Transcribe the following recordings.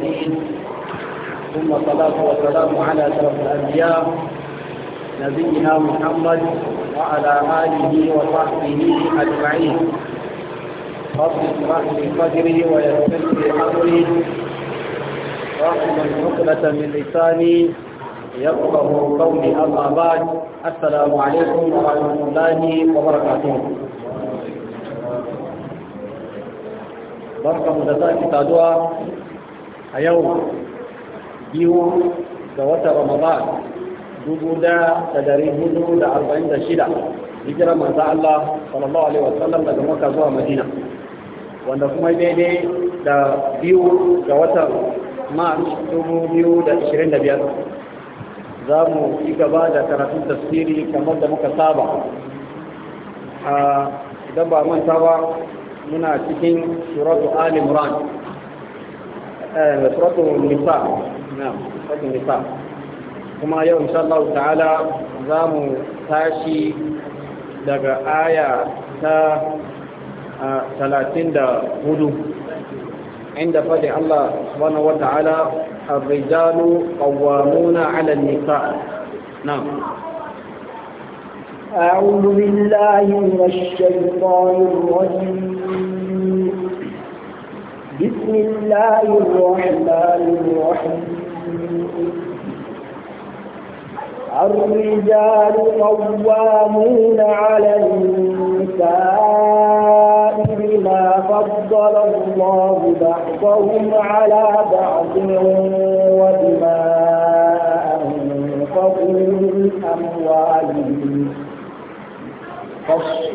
العالمين ثم الصلاة والسلام على أشرف الأنبياء نبينا محمد وعلى آله وصحبه أجمعين رب اشرح لي صدري ويسر لي أمري واحلل من لساني يفقه قولي أما بعد السلام عليكم ورحمة الله وبركاته barka mu da za a yau biyu ga wata ramadan dubu da da dari hudu da arba'in da shida hijirar manzo Allah sallallahu alaihi wasallam daga Makka zuwa Madina wanda kuma daidai da biyu ga watan March dubu biyu da ishirin da biyar za mu ci gaba da karatun tafsiri kamar da muka saba idan ba manta ba muna cikin suratu Ali Imran Eh, nisa nisa kuma yau insha Allah ta'ala za mu tashi daga aya ta talatin da hudu inda faɗi Allah subhanahu wa ta'ala الرجال قوامون على النساء نعم أعوذ بالله من الشيطان الرجيم بسم الله الرحمن الرحيم الرجال قوامون على النساء بما فضل الله بعضهم على بعض وبما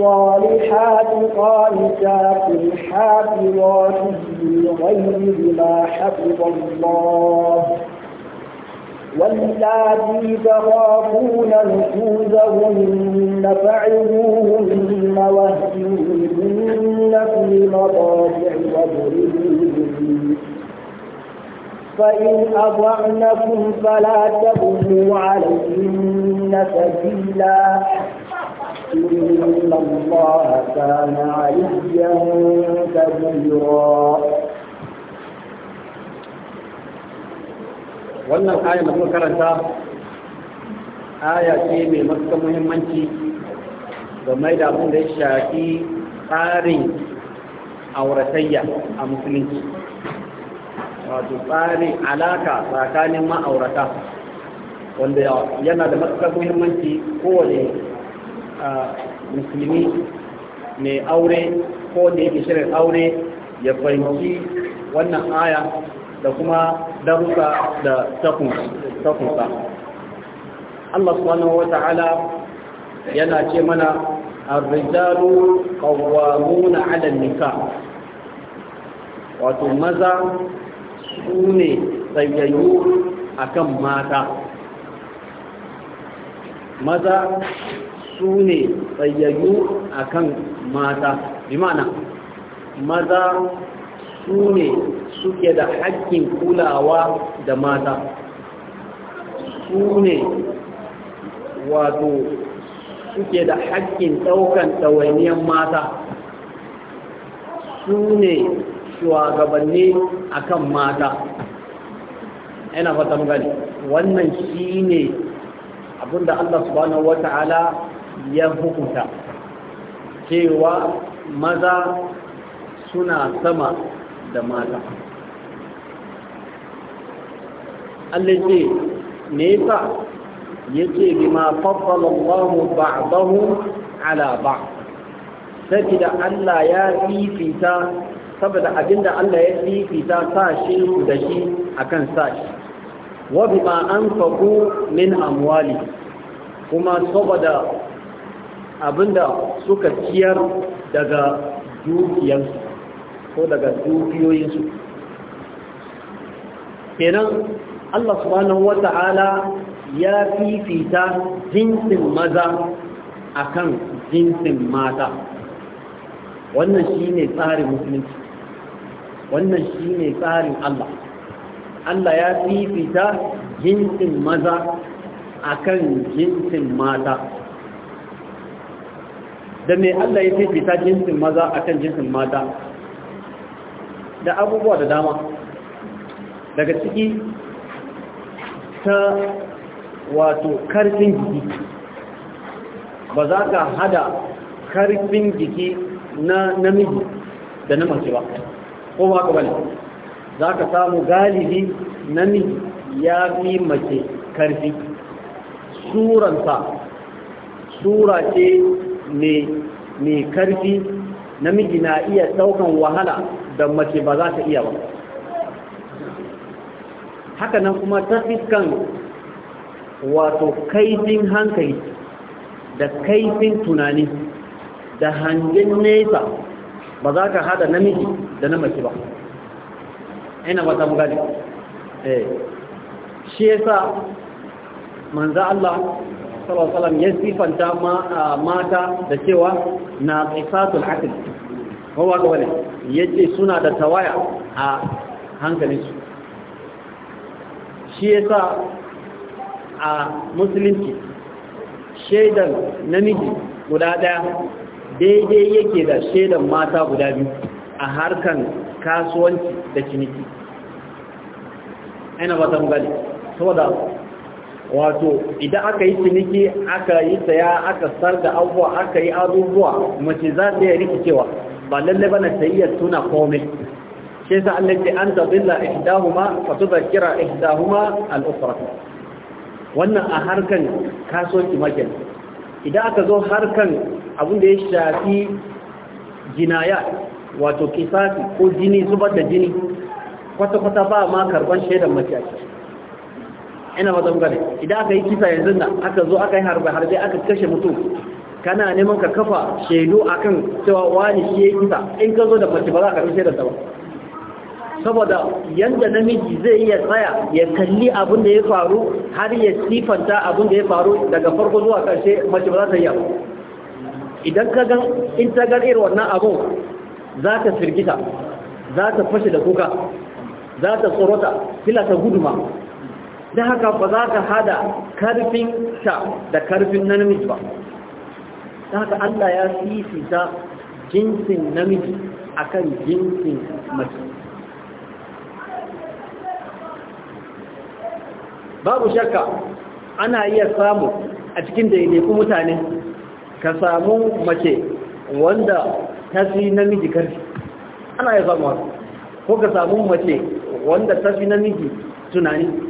الصالحات قانتات حافظات للغيب بما حفظ الله والذي تخافون نشوزهن فعلوهن واهدوهن في مضاجع واضربوهن فإن أضعنكم فلا تبغوا عليهن سبيلا الله كان عليا كبيرا wannan aya da kuma karanta aya ce mai matuƙar muhimmanci game da abin da ya shafi tsarin auratayya a musulunci wato tsarin alaka tsakanin ma'aurata wanda yana da matuƙar muhimmanci kowane A musulmi mai aure ko da yake shirin aure ya fahimci wannan aya da kuma darussa da takunsa Allah subhanahu wa ta'ala yana ce mana arrijalu qawwamuna 'ala an wato maza su ne tsayayyu kan mata maza su ne tsayayyu a kan mata bimana maza su ne suke da haƙƙin kulawa da mata su ne wato suke da haƙƙin ɗaukan ɗawainiyar mata su ne shugabanni a kan mata yana fata gani wannan shi ne abinda allah subhanahu wata'ala ya hukunta cewa maza suna sama da mata Allah ce me yasa yake bima faddala Allah ba'dahu ala ba'd sabida Allah ya fifita saboda abinda Allah ya fifita sashi da shi akan sashi wa bima anfaqu min amwali kuma saboda abinda suka ciyar daga dukiyarsu ko daga dukiyoyinsu kenan Allah subhanahu wata'ala ya fifita jinsin maza akan jinsin mata wannan shine tsarin musulunci wannan shine tsarin Allah Allah ya fifita jinsin maza akan jinsin mata da mai Allah ya fita jinsin maza a kan jinsin mata da abubuwa da dama daga ciki ta wato karfin jiki ba za ka hada karfin jiki na namiji da na mace ba ko ba ka bane za ka samu galibi namiji ya fi mace karfi Suransa sura ce mai karfi namiji na iya daukan wahala da mace ba za ta iya ba haka nan kuma ta fiskan wato kaifin hankali da kaifin tunani da hangen nesa ba za ka hada namiji da na mace ba ina ba ta mugali eh shi yasa manzo Allah sallallahu ya sifanta mata da cewa na qisatul aql kowa ga wani yace suna da tawaya a hankalin su shi yasa a musulunci shaidan namiji guda daya daidai yake da shaidan mata guda biyu a harkan kasuwanci da ciniki ina ba ta saboda wato idan aka yi ciniki aka yi saya aka sar da abubuwa aka yi abubuwa mace za ta yi rikicewa ba lalle bana tayyar tuna komai shi sa Allah ce an tadilla ihdahuma fa tudhakkira ihdahuma al-ukhra wannan a harkan kasuwanci makin idan aka zo harkan abin da ya shafi jinaya wato kisasi ko jini zubar da jini kwata-kwata ba ma karban shaidan mace a ciki ina ba zan gane idan aka yi kisa yanzu na aka zo aka yi harbe harbe aka kashe mutum kana neman ka kafa shaidu akan cewa wani shi ya kisa in ka zo da mace ba za ka da ta ba saboda yanda namiji zai iya tsaya ya kalli abin da ya faru har ya sifanta abin da ya faru daga farko zuwa karshe mace ba za ta yi abu idan ka gan in ta gan irin wannan abun, za ta firgita za ta fashe da kuka za ta tsorota fila ta guduma don haka ba za ka hada karfin ta da karfin na namiji ba don haka Allah ya fifita jinsin namiji akan jinsin mace babu shakka ana iya samu a cikin daidaiku mutane ka samu mace wanda ta fi namiji karfi ana iya samu ko ka samu mace wanda ta fi namiji tunani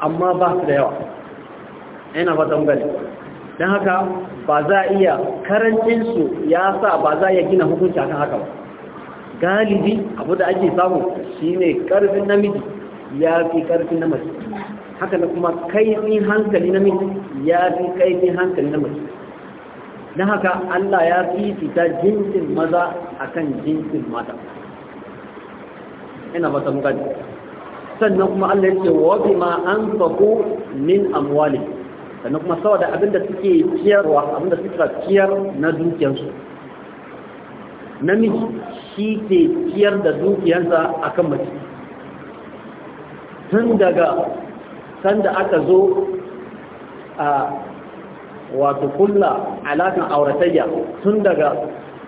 amma ba su da yawa ina ba tambari don haka ba za a iya karancinsu ya sa ba za a iya gina hukunci kan haka ba galibi abu da ake samu shine karfin namiji ya fi karfin na mace haka na kuma kaifin hankali namiji ya fi kaifin hankali na mace don haka Allah ya fifita jinsin maza akan jinsin mata ina ba ta mugaji sannan kuma Allah ya ce wa bima anfaqu min amwali sannan kuma saboda abinda suke ciyarwa abinda suka ciyar na dukiyarsu namiji shi ke ciyar da dukiyarsa a kan mace tun daga sanda aka zo a wato kulla alakan auratayya tun daga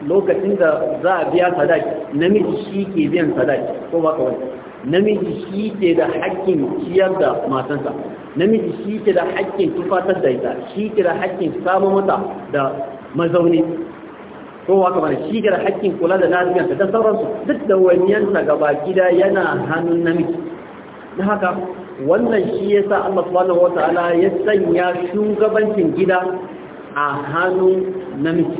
lokacin da za a biya sadaki namiji shi ke biyan sadaki ko ba ka wani namiji shi ke da haƙƙin ciyar da matansa namiji shi ke da haƙƙin tufatar da ita shi ke da haƙƙin samun mata da mazauni kowa kamar shi ke da haƙƙin kula da lafiyarsa da sauransu duk da wanyansa gaba gida yana hannun namiji na haka wannan shi ya sa Allah subhanahu wata'ala ya sanya shugabancin gida a hannun namiji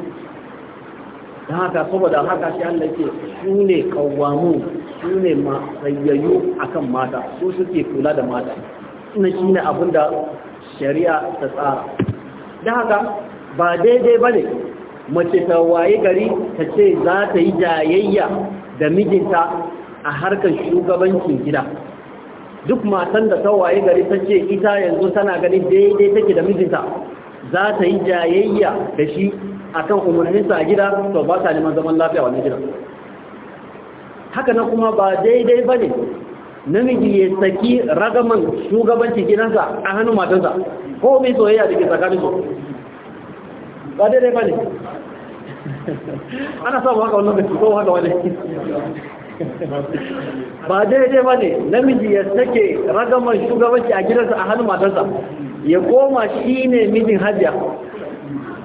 da haka saboda haka shi Allah ke su ne kawamu su ne tsayayyu a kan mata su suke kula da mata suna shi ne abin da shari'a ta tsara da haka ba daidai ba ne mace ta waye gari ta ce za ta yi jayayya da mijinta a harkar shugabancin gida duk matan da ta waye gari ta ce ita yanzu tana ganin daidai take da mijinta za ta yi jayayya da shi a kan umarninsa a gida to ba ta neman zaman lafiya wani gida. haka na kuma ba daidai ba ne namiji ya saki ragaman shugabancin gidansa a hannun matansa ko mai soyayya da ke tsakanin su ba daidai ba ne ana samu haka wannan gaci ko haka wani ba daidai ba ne namiji ya sake ragaman shugabanci a gidansa a hannun matansa ya koma shi ne mijin hajiya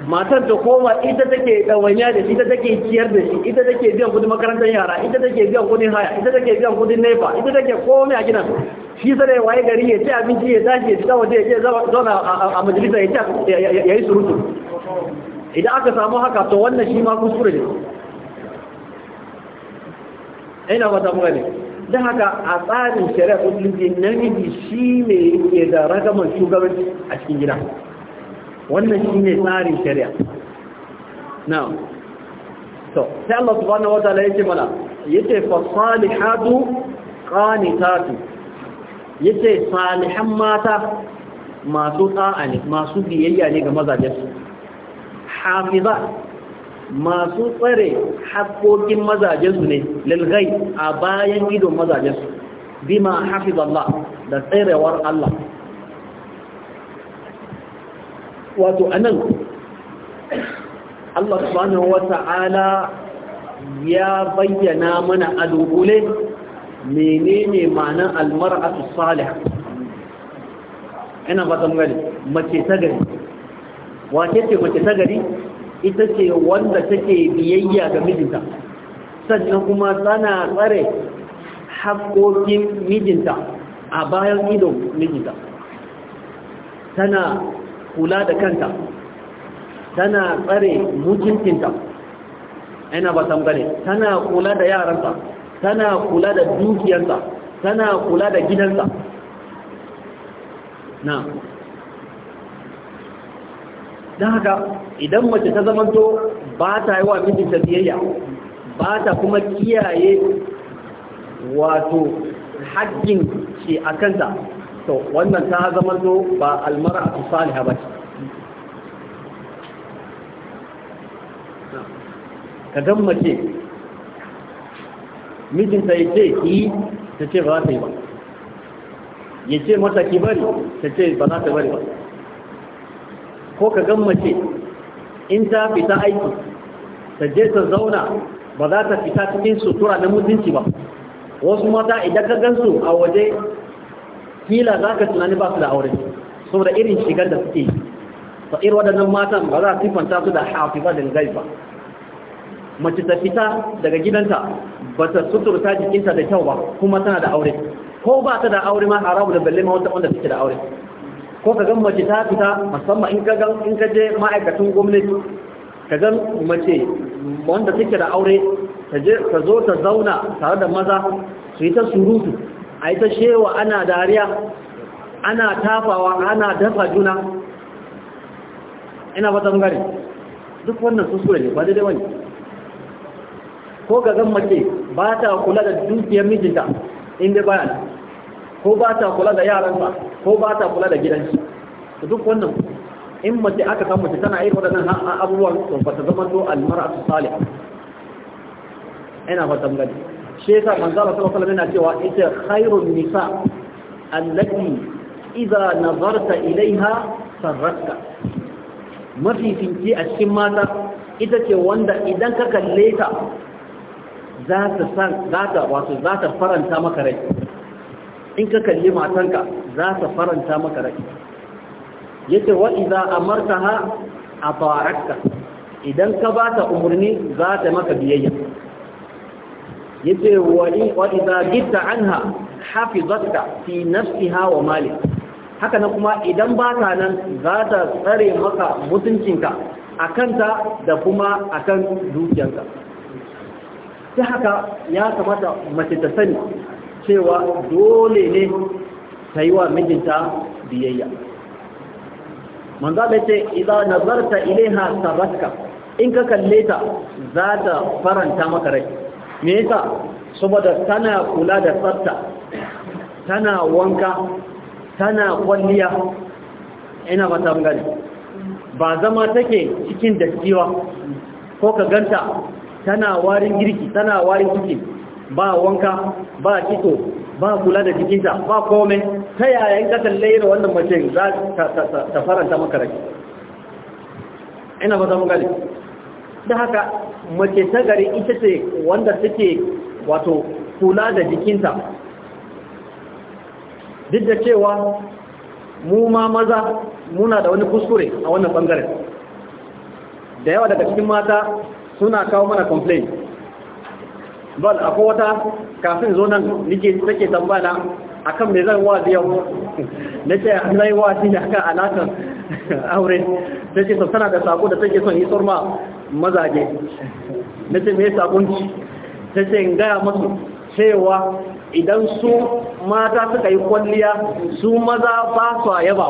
matar ta koma ita take ɗawanya da shi ita take ciyar da shi ita take biyan kudin makarantar yara ita take biyan kudin haya ita take biyan kudin nefa ita take komai a gidan shi sai waye gari ya ci abinci ya tashi ya ci waje ya je zauna a majalisa ya ci ya yi surutu idan aka samu haka to wannan shi ma kuskure ne ina ba ta mu gani don haka a tsarin shari'a musulunci namiji shi ne ke da ragaman shugabanci a cikin gida wannan shine tsarin shari'a na'am to sai Allah subhanahu wa ta'ala yake mana yace fa salihatu qanitatu yace salihan mata masu ta'a ne masu biyayya ne ga mazajensu hafiza masu tsare haƙoƙin mazajensu ne lalgai a bayan idon mazajensu bima hafizallah da tsarewar Allah wato anan Allah subhanahu wata'ala ya bayyana mana a dubule menene ma'anar almar'atu salih ina ba ta mace ta wace ce mace ta ita ce wanda take biyayya ga mijinta sannan kuma tana tsare haƙoƙin mijinta a bayan idon mijinta tana kula da kanta tana tsare mutuntinta ina ba tambare tana kula da yaransa. tana kula da dukiyarta tana kula da gidansa na don haka idan mace ta zamanto ba ta yi wa mijinta biyayya ba ta kuma kiyaye wato haƙƙin ce a kanta to wannan ta zama to ba almara a salihah ha bace ka gan mace mijinta ya ce ki ta ce ba za ta yi ba ya ce mata ki bari ta ce ba za ta bari ba ko ka gan mace in ta fita aiki ta je ta zauna ba za ta fita cikin sutura na mutunci ba wasu mata idan ka gansu a waje kila za ka tunani ba su da aure saboda irin shigar da suke fa irin waɗannan matan ba za a siffanta su da hafiza da ngai ba mace ta fita daga gidanta ba ta suturta jikinta da kyau ba kuma tana da aure ko ba ta da aure ma haramu da balle ma wata wanda suke da aure ko ka gan mace ta fita musamman in ka in ka je ma'aikatan gwamnati ka gan mace wanda suke da aure ta je ta zo ta zauna tare da maza su yi ta surutu a ita shewa ana dariya ana tafawa ana dafa juna ina fata gari duk wannan kuskure ne ba daidai wani ko ga gan mace ba ta kula da dukiyar mijinta inda bayan ko ba ta kula da yaransa ko ba ta kula da gidansu duk wannan in mace aka kan mace tana yi wadannan abubuwan to ba ta zama to almar'atu salih ina fata gari shi yasa manzo sallallahu alaihi yana cewa ita khairun nisa allati idza nazarta ilaiha sarratka mafi finci a cikin mata ita ce wanda idan ka kalle ta za ta san za ta wato za ta faranta maka rai in ka kalli matanka za ta faranta maka rai yace wa idza amartaha ata'atka idan ka ba ta umarni za ta maka biyayya yace wali wa idza gitta anha hafizatka fi nafsiha wa mali haka nan kuma idan ba ta nan za ta tsare maka mutuncinka a kanta da kuma akan kan dukiyanka ta haka ya kamata mace ta sani cewa dole ne ta yi wa mijinta biyayya manzo da ce idan nazarta ilaiha sabatka in ka kalle ta za ta faranta maka rai me yasa saboda tana kula da tsafta tana wanka tana kwalliya ina ba ta gani ba zama take cikin dattiwa ko ka ganta tana warin girki tana warin ciki ba wanka ba kitso ba kula da jikinta ba komai ta yayin ka kalle irin wannan mace za ta faranta maka ina ba ta gani da haka mace ta gari ita ce wanda take wato kula da jikinta duk da cewa mu ma maza muna da wani kuskure a wannan bangare da yawa daga cikin mata suna kawo mana complain bal akwai wata kafin zo nan nike take tambana akan me zan wazi yau na ce an zai wazi ne akan alakan aure sai ce sana da sako da take son yi ma mazaje na ce me sakonci sai ce in gaya masu cewa idan su mata suka yi kwalliya su maza ba su yaba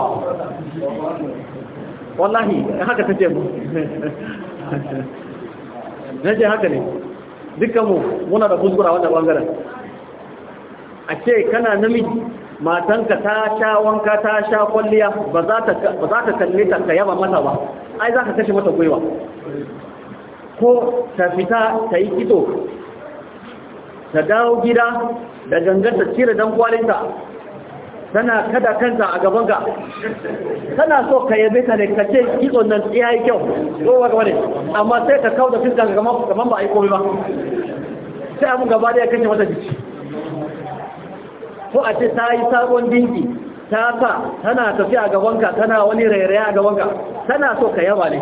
wallahi haka ta ce mu na ce haka ne dukkanmu muna da kuskura wannan bangaren a ce kana namiji matanka ta sha wanka ta sha kwalliya ba za ta kalli ta ka yaba mata ba ai za ka kashe mata gwiwa ko ta fita ta yi kito ta dawo gida da gangar ta cire don kwalinta tana kada kanta a gabanka tana so ka yabe ta ne ka ce kito nan ya yi kyau ko waka wane amma sai ka kawo da fiska gaban ba a yi komai ba sai abin gaba da ya kashe mata jiki ko a ce ta yi sabon dinki ta sa tana tafiya a gabanka tana wani rairaya a gabanka tana so ka yaba ne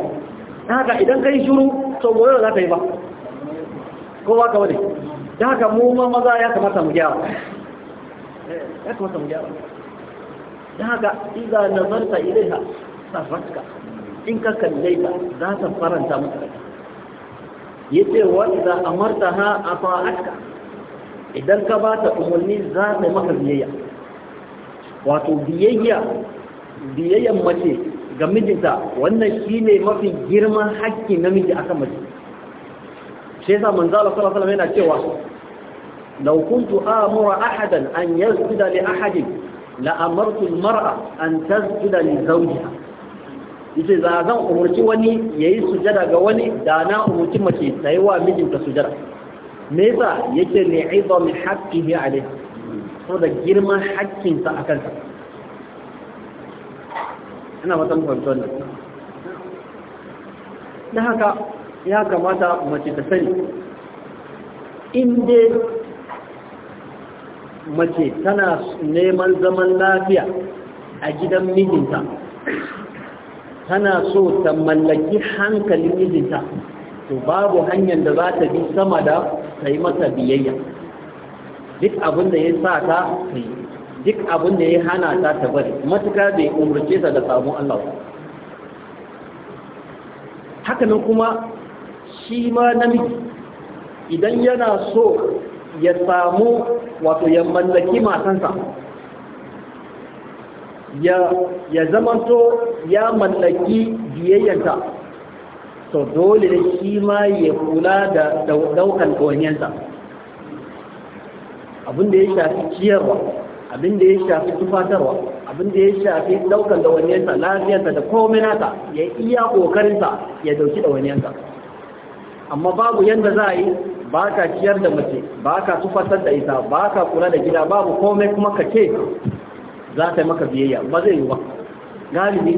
haka idan ka yi shuru to goyo za ta yi ba ko ba ka wani da haka mu ma maza ya kamata mu gyara ya kamata mu gyara da haka iza nazarta ilaiha sarratka in ka kallai ta za ta faranta maka yace wa ha amartaha ata'atka idan ka ba ta umarni za ta maka biyayya wato biyayya biyayyan mace ga mijinta wannan shi ne mafi girman haƙƙi namiji a kan mace shi yasa manzo Allah sallallahu alaihi yana cewa law kuntu amura ahadan an yasjuda li ahadin la amartu al an tasjuda li zawjiha yace za zan umurci wani yayi sujada ga wani da na umarci mace ta yi wa mijinta sujada me yasa yake ne aizon haƙƙihi alai saboda girman haƙƙinsa a kansa ina matan kwanton da na haka ya kamata mace ta sani inda mace tana neman zaman lafiya a gidan mijinta tana so ta mallaki hankalin mijinta to babu hanyar da za ta bi sama da ka yi masa biyayya duk abin ya sa ta yi duk abin ya hana ta ta bari Matuka bai umarce ta da sabon Allah Hakanan kuma shi ma namiji idan yana so ya samu wato ya mallaki matansa ya zamanto ya mallaki biyayyanta to dole da shi ma ya kula da daukan ɗawanyensa abin da ya shafi ciyarwa abin da ya shafi tufatarwa abin da ya shafi daukan ɗawanyensa lafiyarsa da komai ya iya ƙoƙarinsa ya dauki ɗawanyensa amma babu yadda za a yi ba ka ciyar da mace ba ka tufatar da ita ba ka kula da gida babu komai kuma ka ce za ta yi maka biyayya ba zai yi ba galibi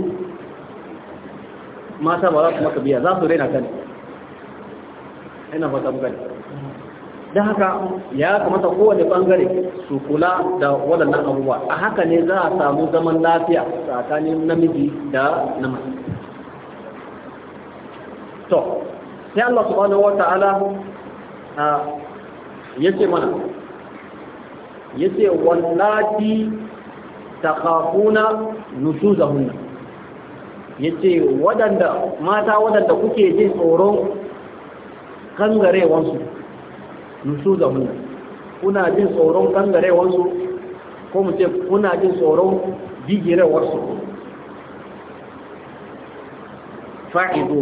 mata ba za su maka biya za su raina kan ina fata mu gani don haka ya kamata kowane bangare su kula da waɗannan abubuwa a haka ne za a samu zaman lafiya tsakanin namiji da namiji to sai Allah subhanahu wa ta'ala yace mana yace kafuna takhafuna nusuzahunna yace waɗanda mata waɗanda kuke jin tsoron kangarewansu nusu da mu kuna jin tsoron kangarewansu ko mu ce kuna jin tsoron bigirewarsu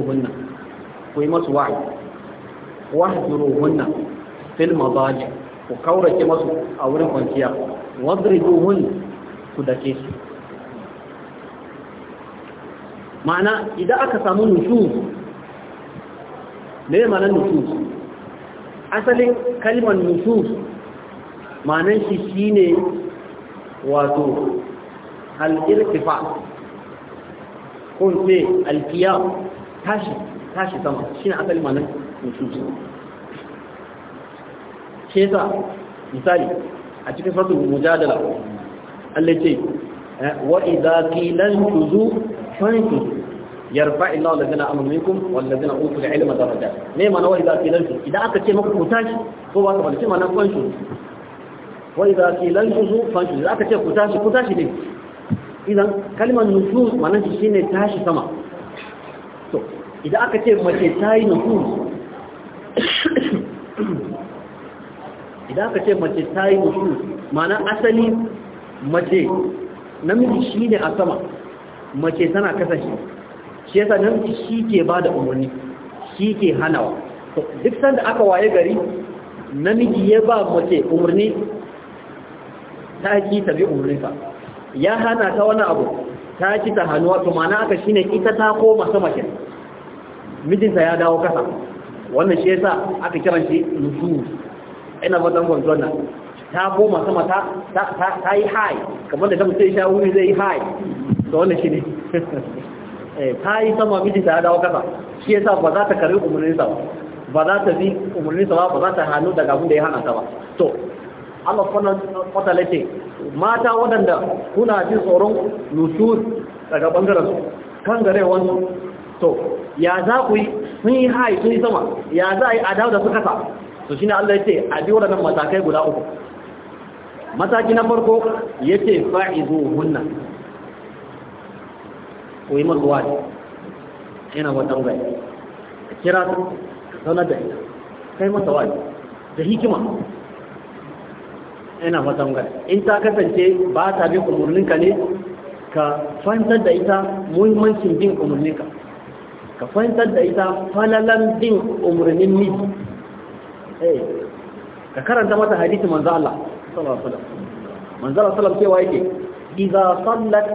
hunna ku yi masu wa'i hunna fil mazaji ku kaurace masu a wurin kwanciya wadribuhun ku dake su ma'ana idan aka samu nutsu, ne ma'anar nushuz asalin kalmar nutsu ma'anar shi shine wato al-irtifa kun ce tashi tashi sama shine asalin ma'anar nutsu. shi sa misali a cikin suratul mujadala Allah ce wa idza qila al 20 yarfa illa allazina amanu minkum wallazina utul ilma daraja me mana wa idza qilantu idan aka ce maka ku tashi ko ba ka balce mana kwansu wa idza qilantu fansu idan aka ce ku tashi ku tashi ne idan kalmar nufus mana shi shine tashi sama to idan aka ce mace tayi nufus idan aka ce mace tayi nufus mana asali mace namiji shine a sama mace tana kasa shi shi yasa nan shi ke ba da umarni shi ke hanawa duk sanda aka waye gari namiji ya ba mace umarni ta ki ta bi umarninsa ya hana ta wani abu ta ki ta hannuwa to mana aka shine ita ta koma sama ke mijinta ya dawo kasa wannan shi yasa aka kiran shi nusu ina fatan kwanton ta koma sama ta ta yi hai kamar da ta mutum sha wuri zai yi hai da wannan shi ne eh, ta yi sama miji ta dawo kasa shi yasa ba za ta karbi umarninsa sa ba za ta bi umarninsa sa ba za ta hannu daga abin da ya hana ta ba to Allah fana fata lace mata waɗanda kuna jin tsoron nusur daga bangaren kan gare wani to ya za ku yi sun yi hai sun yi sama ya za a yi adawa da su kasa to ne Allah ya ce a bi waɗannan matakai guda uku mataki na farko ya ce fa'izo hunna ko yi mazuwa yana wata bai a kira su zaunar da ita kai masa wani da hikima yana wata gai in ta kasance ba ta bin umarninka ne ka fahimtar da ita muhimmancin bin umarninka ka fahimtar da ita falalan bin umarnin ni eh, ka karanta mata hadisi manzo Allah sallallahu alaihi wasallam manzala sallallahu cewa yake idza sallat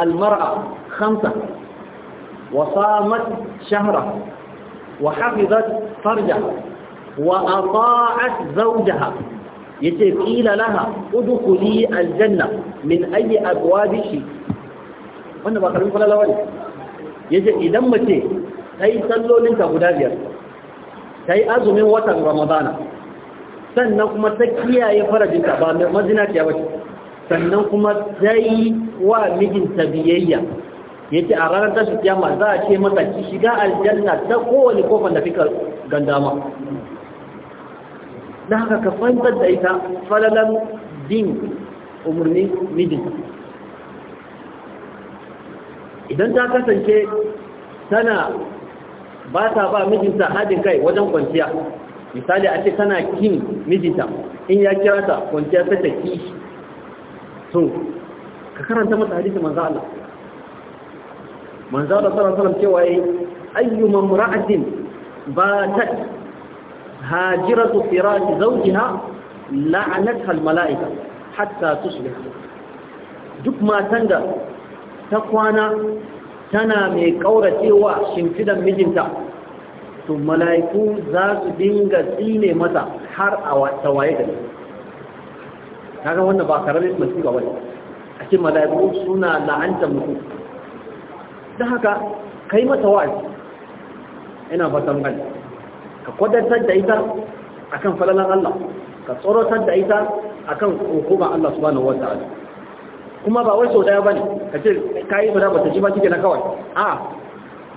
almar'a khamsa wa samat shahra wa hafizat farjaha wa ata'at zawjaha yace qila laha udkhuli aljanna min ayi abwabihi wannan ba karamin falalawa ne yace idan mace ta yi sallolinta guda biyar ta yi azumin watan ramadana sannan kuma ta kiyaye farajinta ba mazinaciya ba sannan kuma ta yi wa mijinta biyayya ya ce a ranar tashi kiyama za a ce masa ki shiga aljanna ta kowane kofar da fika gandama da haka ka fahimtar da ita falalan bin umarni mijin idan ta kasance tana ba ta ba mijinta hadin kai wajen kwanciya misali a ce tana kin mijinta in ya kira ta kwanciya ta ta ki so ka karanta mata hadisi manzo Allah manzo Allah sallallahu alaihi wasallam cewa ayyu mamra'atin batat hajiratu firati zawjiha la'anatha al hatta tusbih duk matan da ta kwana tana mai wa shimfidan mijinta to mala'iku za su dinga tsine mata har a waye da kaga wannan ba karamin masifa wani a ce mala'iku suna la'anta mutu. don haka kai mata wa'azi ina fatan gani ka kwadatar da ita akan falalan Allah ka tsorotar da ita akan hukuma Allah subhanahu wataala kuma ba wai sau daya bane ka ce kai ba ta ji ba kike na kawai a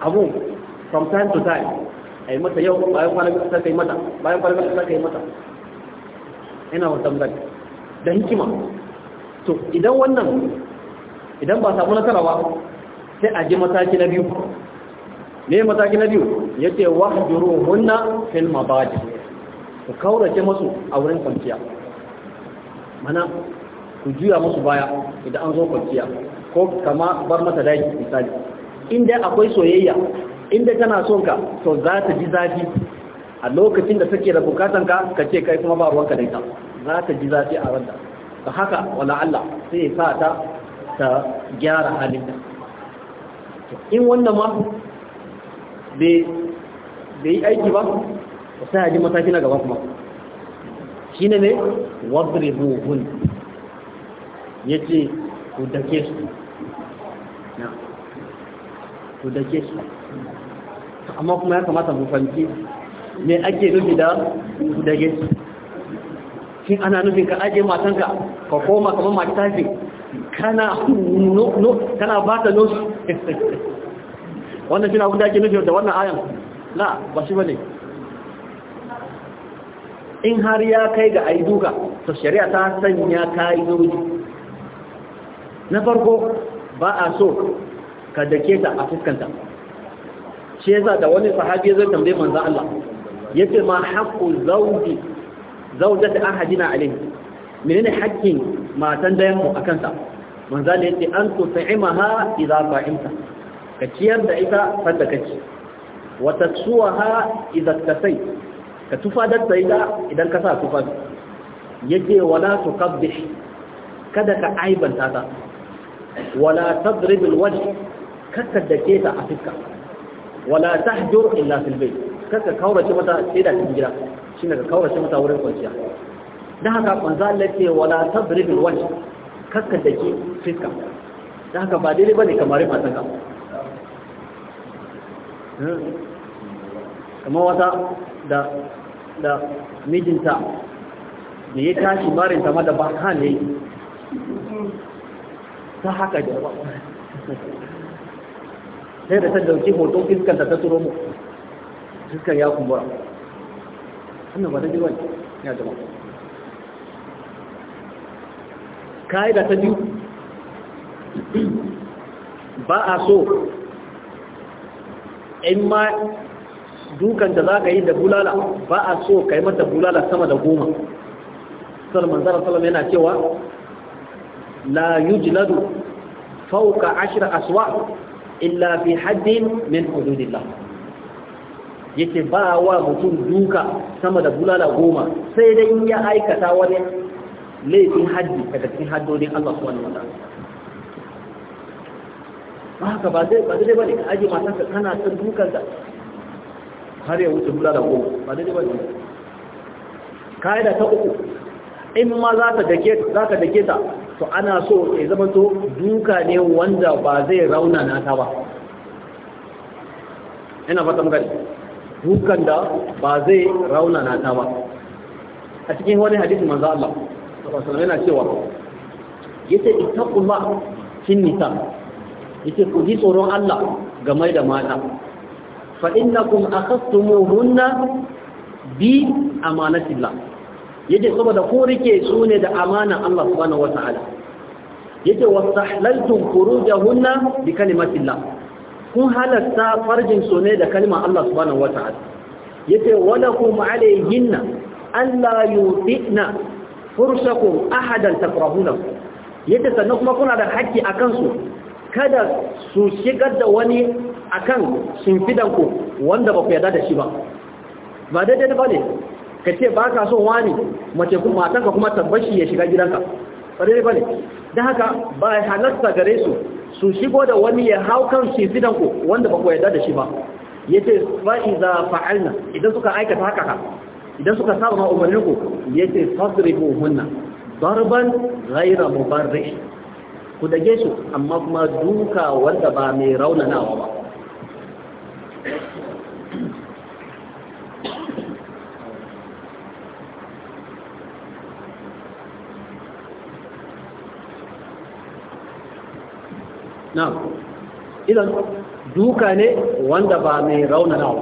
abu from time to time a yi mata yau bayan kwanan biyu sai kai mata bayan kwanan biyu sai ka mata ina wata mutane da hikima to idan wannan idan ba samu nasara ba sai a ji mataki na biyu me mataki na biyu ya ce wahajuru hunna fil mabaji ku kaurace masu a wurin kwanciya mana ku juya musu baya idan an zo kwanciya ko kama bar mata daji misali in dai akwai soyayya inda kana son ka to za ta ji zafi a lokacin da take da bukatan ka ka ce kai kuma ba ruwanka da ita za ta ji zafi a ranta to haka wala Allah sai sa ta ta gyara ta in wannan ma bai yi aiki ba sai a ji mataki na gaba kuma shine ne ne wadribuhun ya ku dake su ku dake su amma kuma ya kamata mu fanki me ake nufi da dage shin ana nufin ka aje matanka ka koma kamar mata tafi kana no no kana ba ta no wannan shi na ake nufi da wannan ayan la ba shi bane in har ya kai ga ayi duka to shari'a ta sanya ka'idoji na farko ba a so ka dake ta a fuskanta shi yasa da wani sahabi ya zai tambaye manzo Allah yace ma haqqu zawji zawjati ahadina alayhi menene haƙƙin matan dayan mu akan sa manzo Allah yace an tut'imaha idza ta'imta ka ciyar da ita fadda kace wa tatsuha idza tasai ka tufadar ta ita idan ka sa tufa yace wala tuqabbih kada ka aibanta ta wala tadrib alwajh da ke ta a fuska wala tahjur illa fil bayt kaka kaurace mata sai da cikin gida ne ka kaurace mata wurin kwanciya dan haka manzo Allah ce wala tadrib al wajh kaka dake fiska dan haka ba daidai bane kamar matan ka hmm. kamar wata da da mijinta da ya tashi marinta ma da ba ne ta haka da ba sai da ta dauki hoton fiskan ta turo mu fiskan ya kumbura wannan ba da jiwa ya jama ka'ida ta biyu ba a so in ma dukan da za ka yi da bulala ba a so ka yi mata bulala sama da goma salman zara salam yana cewa la yujladu fauka ashira aswa illa fi haddin min hududillah yake ba wa mutum duka sama da bulala goma sai dai in ya aikata wani laifin haddi daga cikin haddodin Allah subhanahu wa ta'ala ba haka ba zai ba zai bane ka aje matan ka kana ta dukan da har ya wuce bulala goma ba zai bane kaida ta uku in ma za ka dake za ka dake ta to ana so ya zama to duka ne wanda ba zai rauna na ta ba ina fata magani dukan da ba zai rauna na ta ba a cikin wani hadisi manzo Allah sallallahu yana cewa yace itaqulla fin nisa yace ku ji tsoron Allah game da mata fa innakum akhastumuhunna bi amanatillah yace saboda ku rike su ne da amana Allah subhanahu wataala yace wastahlaltum furujahunna bi kalimatillah kun halatta farjin su ne da kalmar Allah subhanahu wataala yace walakum alayhinna alla yutina fursakum ahadan takrahuna yace sannan kuma kuna da haƙƙi akan su kada su shigar da wani akan shimfidanku wanda ba ku yarda da shi ba ba daidai ba ne ka ce ba ka son wani mace kuma matanka kuma tabbashi ya shiga gidanka ƙwararri ba ne don haka ba ya halatta gare su su shigo da wani ya hau kan su ku wanda ba ku yarda da shi ba ya ce fa'iza fa'alna idan suka aikata haka ka idan suka saba ma umarninku ya ce fasiribu hunna barban ghaira mubarri ku dage su amma kuma duka wanda ba mai rauna raunanawa ba na'am idan duka ne wanda ba mai wa,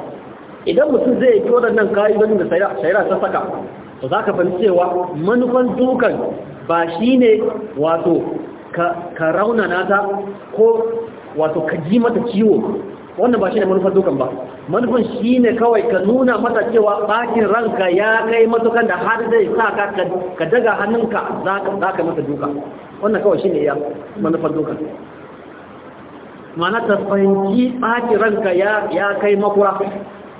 idan mutum zai yi waɗannan ka'idodin da shaira ta saka to za ka fahimci cewa manufan dukan ba shi ne wato ka raunana ta ko wato ka ji mata ciwo wannan ba shi ne manufan dukan ba manufan shi ne kawai ka nuna mata cewa bakin ranka ya kai matukan da har zai sa ka ka daga hannunka za ka mata duka wannan kawai shi ne ya manufan dukan mana ta fahimci ɓaci ranka ya kai makura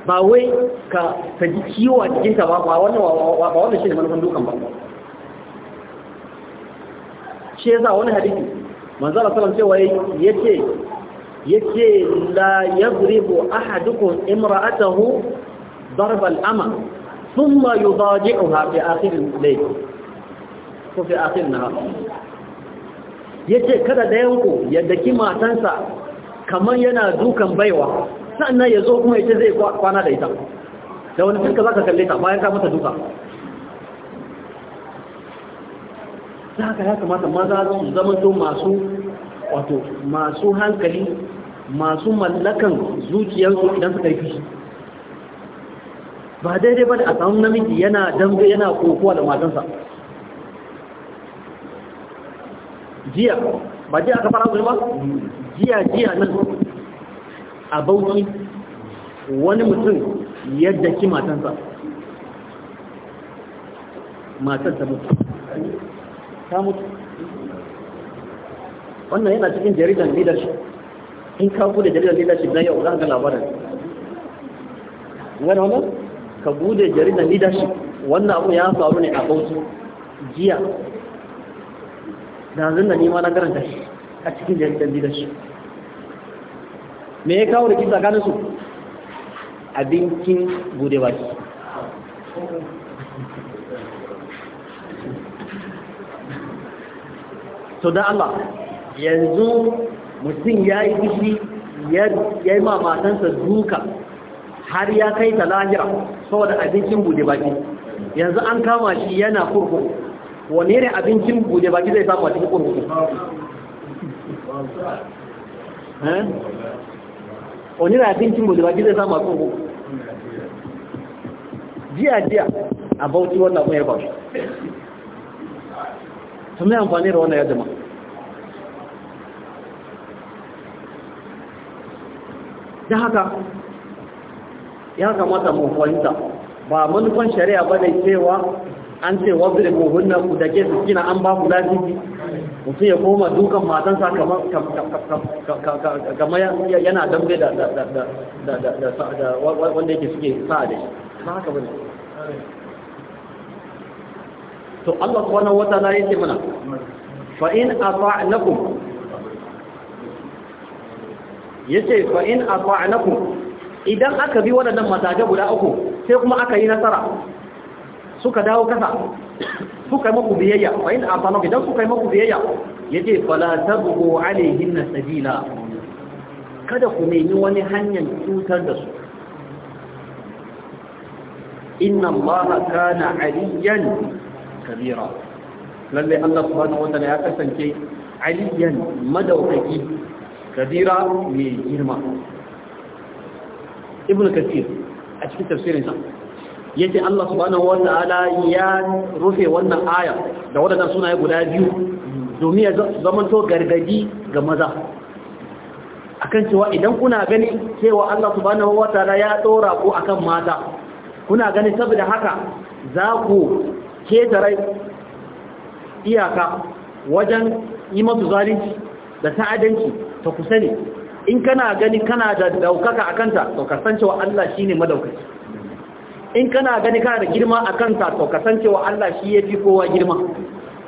ba wai ka ji ciwo a jikinka ba ba wannan shi ne manufan dukan ba shi ya za wani hadisi manzara salam cewa ya ce ya ce la ya zuribu ahadukun imra'atahu darbal ama sun ma yi zaji'uha fi akirin laifin ko fi akirin na ya ce kada dayanku ya daki matansa kamar yana dukan baiwa sannan ya zo kuma ya ce zai kwana da ita da wani fuska za ka kalle ta bayan ka mata duka ta haka ya kamata maza su zamanto masu wato masu hankali masu mallakan zuciyarsu idan suka yi fushi ba daidai ba da a samun namiji yana dambe yana kokowa da matansa jiya ba jiya ka fara ba jiya jiya nan a bauki wani mutum yadda ki matansa matansa mutu ta mutu wannan yana cikin jaridan leadership in ka bude jaridan leadership na yau za ga labarin wani wani ka bude jaridan leadership wannan abu ya faru ne a bauki jiya da zan da nima na karanta shi a cikin jaridar gidansu me ya kawo rikici tsakanin su abincin gode baki so don Allah yanzu mutum ya yi fushi ya yi mamatansa duka har ya kai ta lahira saboda abincin bude baki yanzu an kama shi yana kurkuku wani ne abincin bude baki zai samu a cikin kurkuku onira abincin mu da baki zai samu a tsoho jiya jiya a bauchi wannan kuma ya ba shi sun mai amfani da wannan ya jama da haka ya kamata mu fahimta ba manufan shari'a ba ne cewa an ce wasu da buhun na ku da ke su kina an ba ku lafiya mutum ya koma dukan matansa kamar yana dambe da wanda yake suke sa da shi ba haka bane to Allah wata na yake mana a in ya ce fa'in a ata'nakum idan aka bi waɗannan matajen guda uku sai kuma aka yi nasara suka dawo kasa suka muku biyayya fa in asanu idan suka yi muku biyayya yace fala tabghu alaihinna sabila kada ku nemi wani hanyar cutar da su inna allaha kana aliyan kabira lalle Allah subhanahu wataala ya kasance aliyan madaukaki kabira mai girma ibnu kathir a cikin tafsirinsa yace Allah subhanahu wataala ya rufe wannan aya da wadannan sunaye guda biyu domin ya zamanto gargadi ga maza akan cewa idan kuna gani cewa Allah subhanahu wataala ya dora ku akan mata kuna gani saboda haka za ku ketare iyaka wajen yi masu zalunci da ta'adanci ta kusa ne in kana gani kana da daukaka akanta to kasancewa Allah shine madaukaki in kana gani kana da girma a kansa to kasancewa Allah shi ya fi kowa girma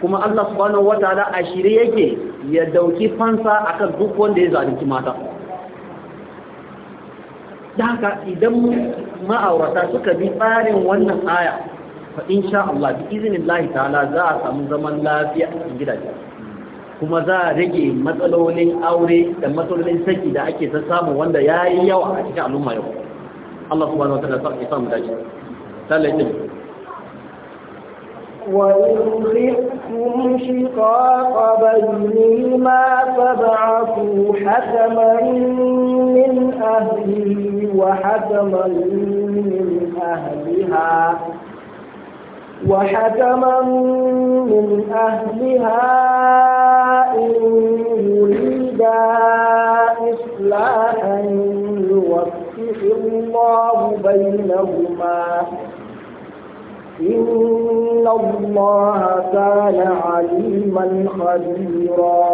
kuma Allah subhanahu ta'ala a shirye yake ya dauki fansa akan duk wanda ya zalunci mata da haka idan ma'aurata suka bi tsarin wannan aya fa insha Allah bi izinin Allah ta'ala za a samu zaman lafiya a gidaje kuma za a rage matsalolin aure da matsalolin saki da ake ta samu wanda yayi yawa a cikin al'umma yau الله سبحانه وتعالى صار ya samu dace sallai din وإن خفتم شقاق بينهما فابعثوا حكما من أهله وحكما من أهلها وحكما من أهلها إن يريدا إصلاحا يوفق الله بينهما إن الله كان عليما خبيرا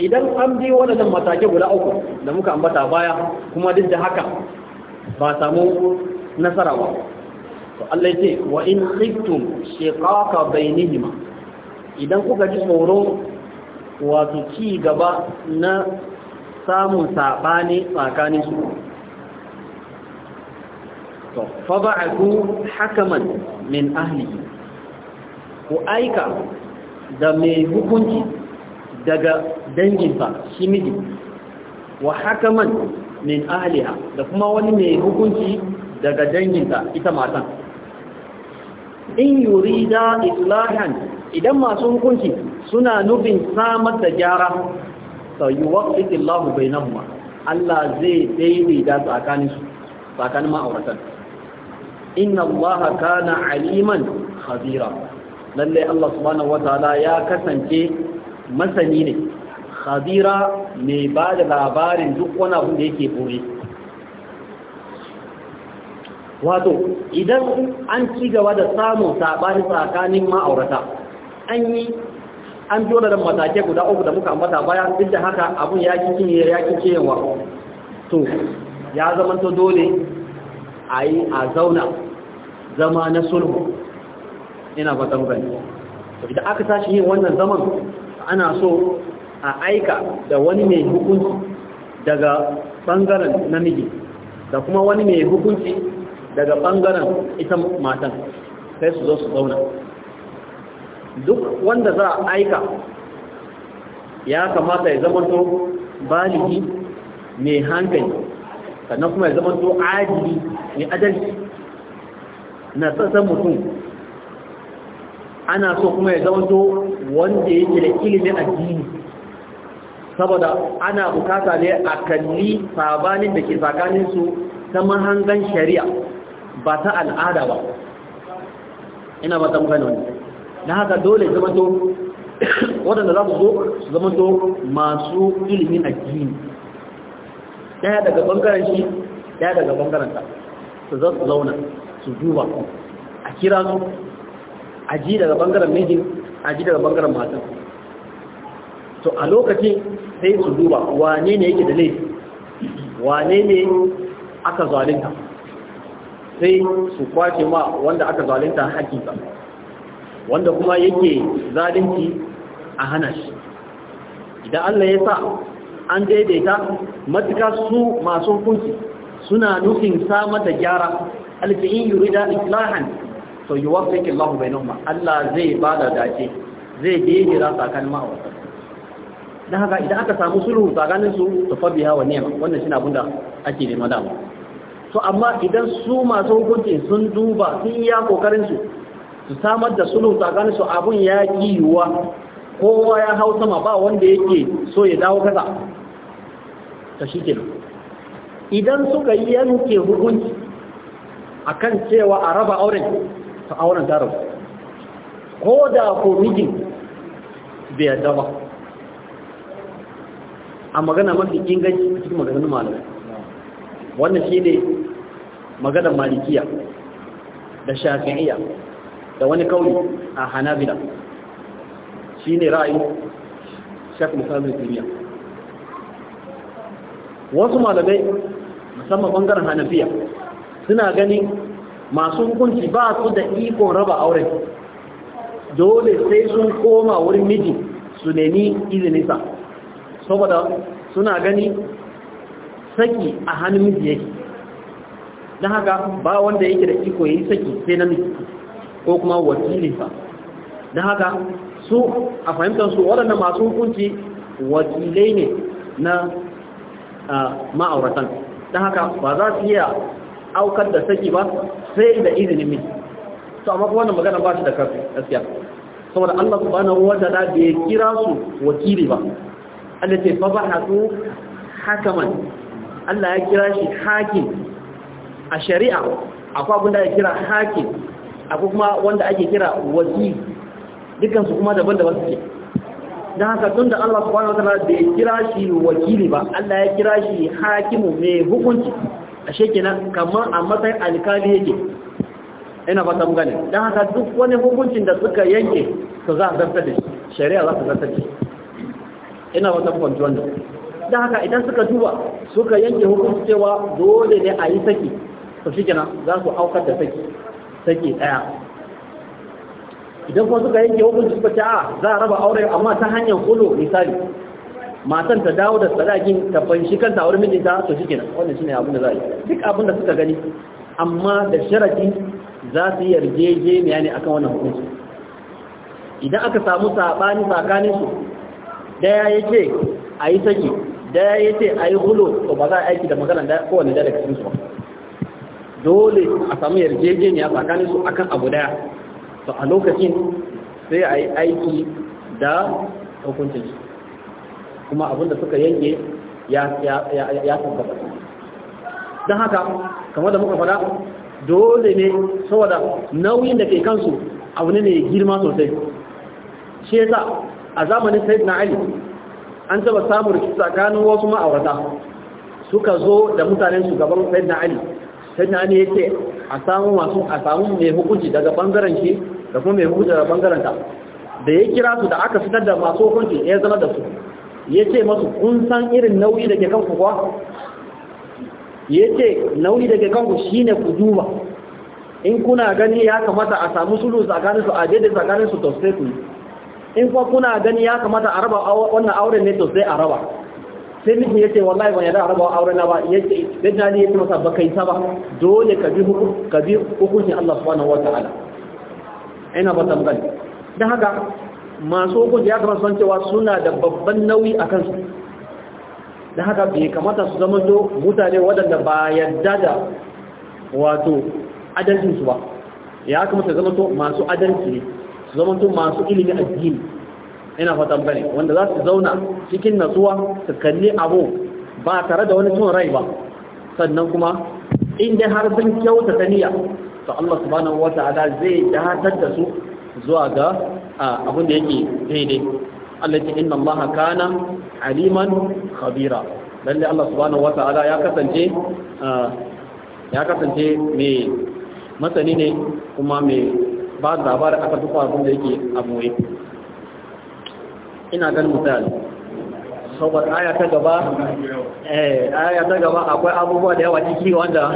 idan an bi waɗannan matake guda uku da muka ambata baya kuma duk da haka ba samu nasara ba to Allah yake wa in khiftum shiqaqa bainihima idan kuka ji tsoro wato ci gaba na samun saɓani tsakanin su to faba'atu hakaman min ahli ku aika da mai hukunci daga danginsa shi miji wa hakaman min ahliha da kuma wani mai hukunci daga danginta ita matan in yurida islahan idan masu hukunci suna nufin samar da gyara fa bai Allahu bainahuma Allah zai daidaita tsakanin su tsakanin ma'auratan inna Allah kana aliman khabira lalle Allah subhanahu wataala ya kasance masani ne khabira mai ba da labarin duk wani abu da yake boye wato idan an ci gaba da samun saɓani tsakanin ma'aurata an yi an biyo da matakai guda uku da muka ambata baya duk da haka abun ya ne ya kikin yawa to ya to dole a yi a zauna zama na sulhu ina ni to idan aka tashi yin wannan zaman ana so a aika da wani mai hukunci daga bangaren namiji da kuma wani mai hukunci daga bangaren ita matan sai su zo su zauna duk wanda za a aika ya kamata ya zamanto baligi mai hankali sannan kuma ya zamanto adili mai adalci na tsatsan mutum ana so kuma ya zamanto wanda yake da ilimin addini saboda ana bukata ne a kalli sabanin da ke tsakaninsu ta mahangan shari'a ba ta al'ada ba ina ba tambayin wani na haka dole zamanto waɗanda za su zo su zamanto masu ilimin addini ɗaya daga ɓangaren shi ɗaya daga ɓangaren ta su za su zauna su duba a kira su a ji daga ɓangaren mijin a ji daga ɓangaren matan to a lokacin sai su duba wane ne yake da laifi wane ne aka zalinta sai su kwace ma wanda aka zalinta hakinsa wanda kuma yake zalunci a hana shi idan Allah ya sa an daidaita matuka su masu hukunci suna nufin samar da gyara alfi'in yurida islahan to yuwaffiqu Allahu bainahuma Allah zai bada dace zai daidaita tsakanin ma'aurata dan haka idan aka samu sulhu tsakanin su to fa biya wa niyyar. wannan shine abinda ake nema dama to amma idan su masu hukunci sun duba sun iya kokarin su su samar da sulhu tsakanin su abun ya yiwuwa kowa ya hau sama ba wanda yake so ya dawo kaza ta shi idan suka yanke hukunci akan cewa a raba auren ta auren darar ko da ko mijin bai yadda ba a magana mafi inganci a cikin maganin malamai wannan shi ne maganar malikiya da shafi'iyya da wani kauri a hanabila shi ne ra'ayi shafi musamman duniya wasu malamai musamman bangaren hanafiya suna ganin masu hukunci ba su da iko raba auren dole sai sun koma wurin miji su nemi izininsa saboda suna gani saki a hannun miji yake don haka ba wanda yake da iko yi saki sai na ko kuma wakilinsa don haka su a fahimtar su waɗannan masu hukunci wakilai ne na ma'auratan don haka ba za su iya aukar da saki ba sai da izinin miji to amma kuma magana ba shi da karfi gaskiya saboda Allah subhanahu wata da bai kira su wakili ba Allah ce fa bahathu hakaman Allah ya kira shi hakim a shari'a akwai abin da ya kira hakin akwai kuma wanda ake kira wazi dukansu su kuma daban-daban suke don haka tun da Allah subhanahu wataala bai kira shi wakili ba Allah ya kira shi hakimu mai hukunci ashe kenan kamar a matsayin alkali yake ina fata mun gane don haka duk wani hukuncin da suka yanke to za a zartar da shi shari'a za ta zartar da shi ina fata mun kwanci wannan don haka idan suka duba suka yanke hukunci cewa dole ne a yi saki to shi za su aukar da saki saki ɗaya idan kuma suka yanke hukunci suka ce a za a raba aure amma ta hanyar kulo misali matan ta dawo da sadakin ta fanshi kanta wurin mijinta to shi kenan wannan shine abin da za a yi duk abin da suka gani amma da sharadi za su yi yarjejeniya ne akan wannan hukunci idan aka samu sabani tsakanin su daya ce a yi saki daya ce a yi hulo to ba za a aiki da magana da kowanne da daga cikin su ba dole a samu yarjejeniya tsakanin su akan abu daya to a lokacin sai a yi aiki da hukuncin su kuma abinda suka yanke ya tabbata don haka kamar da muka fada dole ne saboda nauyin da ke kansu abu ne mai girma sosai shi yasa a zamanin sai na ali an taba samun rikici tsakanin wasu ma'aurata suka zo da mutanen shugaban sai na ali sai na ne yake a samu masu a samu mai hukunci daga bangaren shi da kuma mai hukunci daga bangaren ta da ya kira su da aka fitar da masu hukunci ya zama da su ya ce masu kun san irin nauyi da ke kanku kuwa ya ce nauyi da ke kanku ne ku duba in kuna gani ya kamata a samu sulu tsakanin su a daidai tsakanin su to sai ku in kuma kuna gani ya kamata a raba wannan auren ne to sai a raba sai mijin ya ce wallahi ban yarda a raba auren na ba ya ce sai na ya ce masa ba kai ta ba dole ka bi ka bi hukuncin Allah subhanahu wataala ina ba tambayi dan haka masu hukunci ya kamata san cewa suna da babban nauyi a kansu dan haka bai kamata su zama to mutane waɗanda ba yarda da wato adalcin su ba ya kamata zama to masu adalci ne su zama to masu ilimin addini ina fatan bane wanda za su zauna cikin natsuwa su kalli abu ba tare da wani cin rai ba sannan kuma in har sun kyauta ta niyya to Allah subhanahu wata'ala zai dahatar da su zuwa ga abin da yake daidai Allah ce inna Allah kana aliman khabira lalle Allah subhanahu wata'ala ya kasance ya kasance mai masani ne kuma mai ba labar aka duka abin da yake a ina gan misali saboda aya ta gaba eh aya ta gaba akwai abubuwa da yawa ciki wanda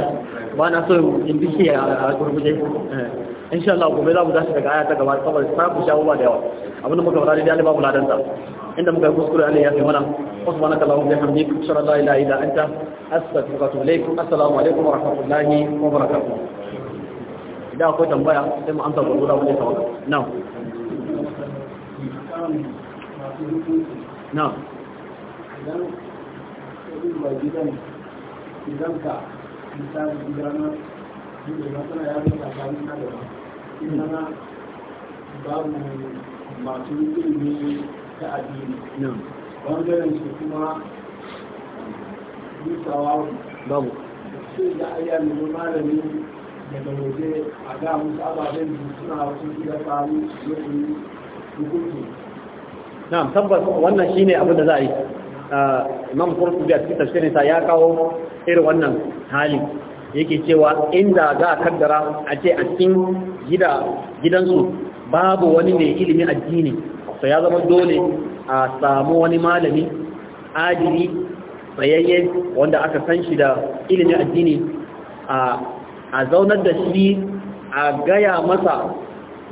ba na so in biki a gurguje eh, insha Allah gobe za mu dace daga aya ta gaba saboda ta ku shawo da yawa abin da muka fara da Allah ba dan ta inda muka kuskure Allah ya fi mana subhanaka allahumma bihamdika ashhadu an la ilaha illa anta astaghfiruka wa atubu assalamu alaikum wa rahmatullahi wa barakatuh idan akwai tambaya sai mu amsa gurgura wani Thank you. na idan ba gidan idan ka misali gidana da ba tana yaro tsakanin na da Ina idan babu masu ilimi ta addini bangaren su kuma dusawa babu sai da ayyana malami daga waje a ga musu ababen da suna wasu gida faru yau hukunci na'am tabbas wannan shine abin da za a yi ah, imam qurtubi da cikin tafsirin sa ya kawo irin wannan hali yake cewa inda za a kaddara a ce a cikin gida gidansu babu wani mai ilimin addini to ya zama dole a samu wani malami adili tsayayye wanda aka san shi da ilimin addini a zaunar da shi a gaya masa